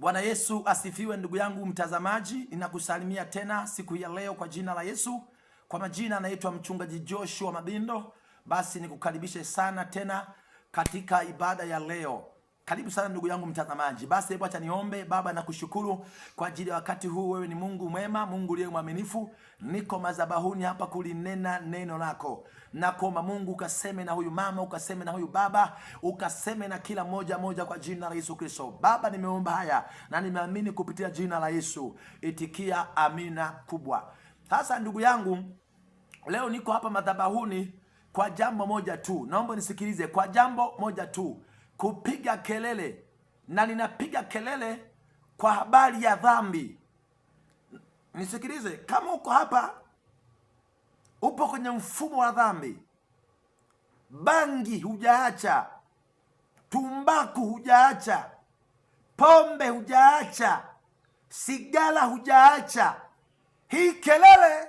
Bwana Yesu asifiwe, ndugu yangu mtazamaji, ninakusalimia tena siku ya leo kwa jina la Yesu. Kwa majina anaitwa mchungaji Joshua Mabindo. Basi nikukaribishe sana tena katika ibada ya leo. Karibu sana ndugu yangu mtazamaji. Basi hebu acha niombe. Baba, nakushukuru kwa ajili ya wakati huu. Wewe ni Mungu mwema, Mungu uliye mwaminifu. Niko madhabahuni hapa kulinena neno lako. Nakuomba Mungu ukaseme na huyu mama, ukaseme na huyu baba, ukaseme na kila moja moja kwa jina la Yesu Kristo. Baba, nimeomba haya na nimeamini kupitia jina la Yesu. Itikia amina kubwa. Sasa ndugu yangu, leo niko hapa madhabahuni kwa jambo moja tu. Naomba nisikilize, kwa jambo moja tu kupiga kelele, na ninapiga kelele kwa habari ya dhambi. Nisikilize, kama uko hapa, upo kwenye mfumo wa dhambi, bangi hujaacha, tumbaku hujaacha, pombe hujaacha, sigara hujaacha. Hii kelele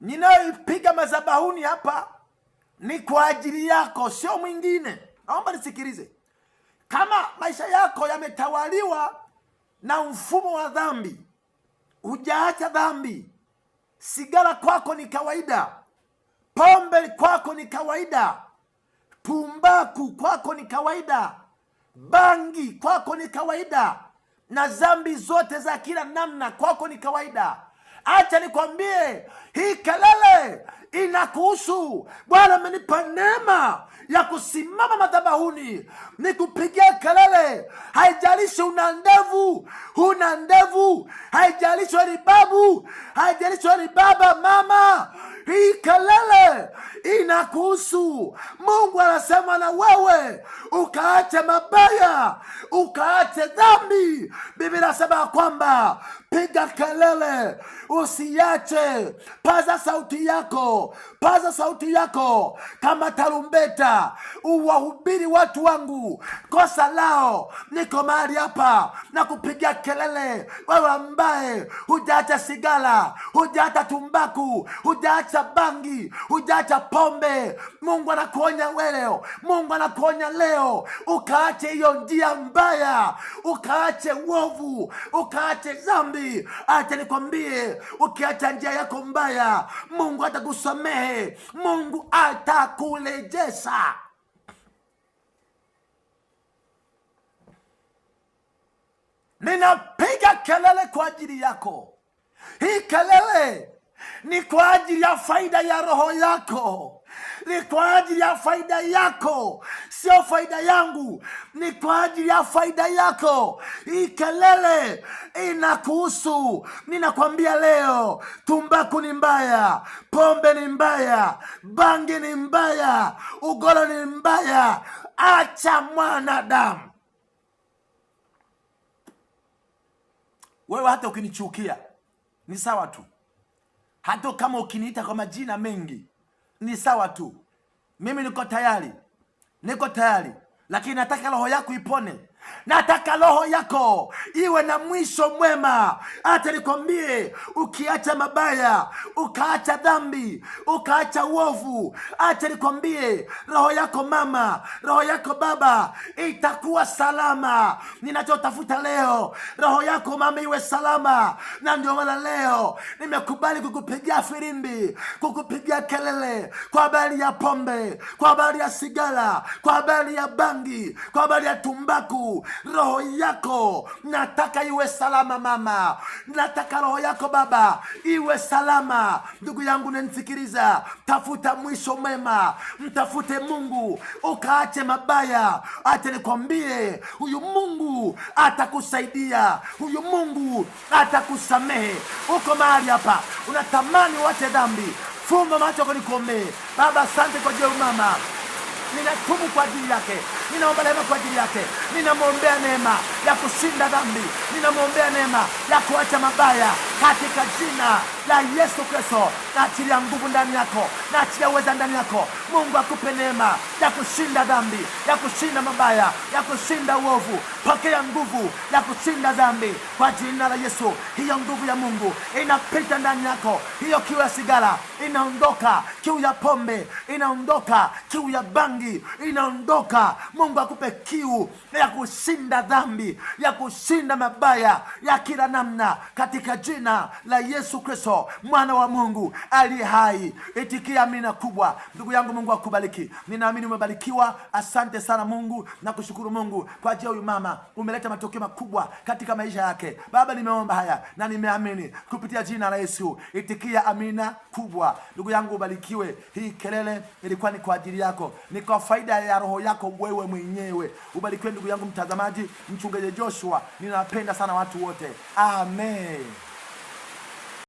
ninayoipiga madhabahuni hapa ni kwa ajili yako, sio mwingine. Naomba nisikilize maisha yako yametawaliwa na mfumo wa dhambi, hujaacha dhambi. Sigara kwako ni kawaida, pombe kwako ni kawaida, tumbaku kwako ni kawaida, bangi kwako ni kawaida, na dhambi zote za kila namna kwako ni kawaida. Acha nikwambie, hii kelele inakuhusu. Bwana amenipa neema ya kusimama madhabahuni nikupigia kelele. Haijalishi una ndevu, huna ndevu, haijalishi ni babu, haijalishi ni baba, mama, hii kelele inakuhusu. Mungu anasema na wewe ukaache mabaya, ukaache dhambi. bibi nasema ya kwamba piga kelele, usiache, paza sauti yako, paza sauti yako kama tarumbeta, uwahubiri watu wangu. Kosa lao, niko mahali hapa na kupigia kelele, wewe ambaye hujaacha sigara, hujaacha tumbaku, hujaacha bangi, hujaacha pombe. Mungu anakuonya weleo Mungu anakuonya leo, ukaache hiyo njia mbaya, ukaache uovu, ukaache dhambi dhambi. Acha nikwambie, ukiacha njia yako mbaya, Mungu atakusamehe, Mungu atakurejesha. Ninapiga kelele kwa ajili yako. Hii kelele ni kwa ajili ya faida ya roho yako ni kwa ajili ya faida yako, sio faida yangu, ni kwa ajili ya faida yako. Hii kelele inakuhusu. Ninakwambia leo, tumbaku ni mbaya, pombe ni mbaya, bangi ni mbaya, ugoro ni mbaya. Acha mwanadamu. Wewe hata ukinichukia ni sawa tu, hata kama ukiniita kwa majina mengi ni sawa tu. Mimi niko tayari, niko tayari, lakini nataka roho yako ipone. Nataka roho yako iwe na mwisho mwema. Hata nikwambie, ukiacha mabaya, ukaacha dhambi, ukaacha uovu, hata nikwambie, roho yako mama, roho yako baba, itakuwa salama. Ninachotafuta leo, roho yako mama iwe salama, na ndio maana leo nimekubali kukupigia firimbi, kukupigia kelele kwa habari ya pombe, kwa habari ya sigara, kwa habari ya bangi, kwa habari ya tumbaku roho yako nataka iwe salama. Mama, nataka roho yako baba iwe salama. Ndugu yangu nanisikiliza, tafuta mwisho mwema, mtafute Mungu ukaache mabaya. Acha nikwambie, huyu Mungu atakusaidia, huyu Mungu atakusamehe. Uko mahali hapa unatamani uache dhambi, fumba macho yako nikuombee. Baba, asante kwa jeu mama, ninatubu kwa ajili yake ninaomba rehema kwa ajili yake, ninamwombea neema ya kushinda dhambi, ninamwombea neema ya kuacha mabaya katika jina la Yesu Kristo. Naachilia nguvu ndani yako, naachilia uweza ndani yako. Mungu akupe neema ya kushinda dhambi, ya kushinda mabaya, ya kushinda uovu. Pokea nguvu ya kushinda dhambi kwa jina la Yesu. Hiyo nguvu ya Mungu inapita ndani yako, hiyo kiu ya sigara inaondoka, kiu ya pombe inaondoka, kiu ya bangi inaondoka. Mungu akupe kiu ya kushinda dhambi, ya kushinda mabaya ya kila namna, katika jina la Yesu Kristo mwana wa Mungu aliye hai. Itikia amina kubwa. Ndugu yangu, Mungu akubariki. Ninaamini umebarikiwa. Asante sana Mungu, nakushukuru Mungu kwa ajili ya huyu mama, umeleta matokeo makubwa katika maisha yake. Baba, nimeomba haya na nimeamini kupitia jina la Yesu. Itikia amina kubwa. Ndugu yangu, ubarikiwe. Hii kelele ilikuwa ni kwa ajili yako, ni kwa faida ya roho yako wewe mwenyewe. Ubarikiwe ndugu yangu mtazamaji, mchungaji Joshua, ninawapenda sana watu wote, amen.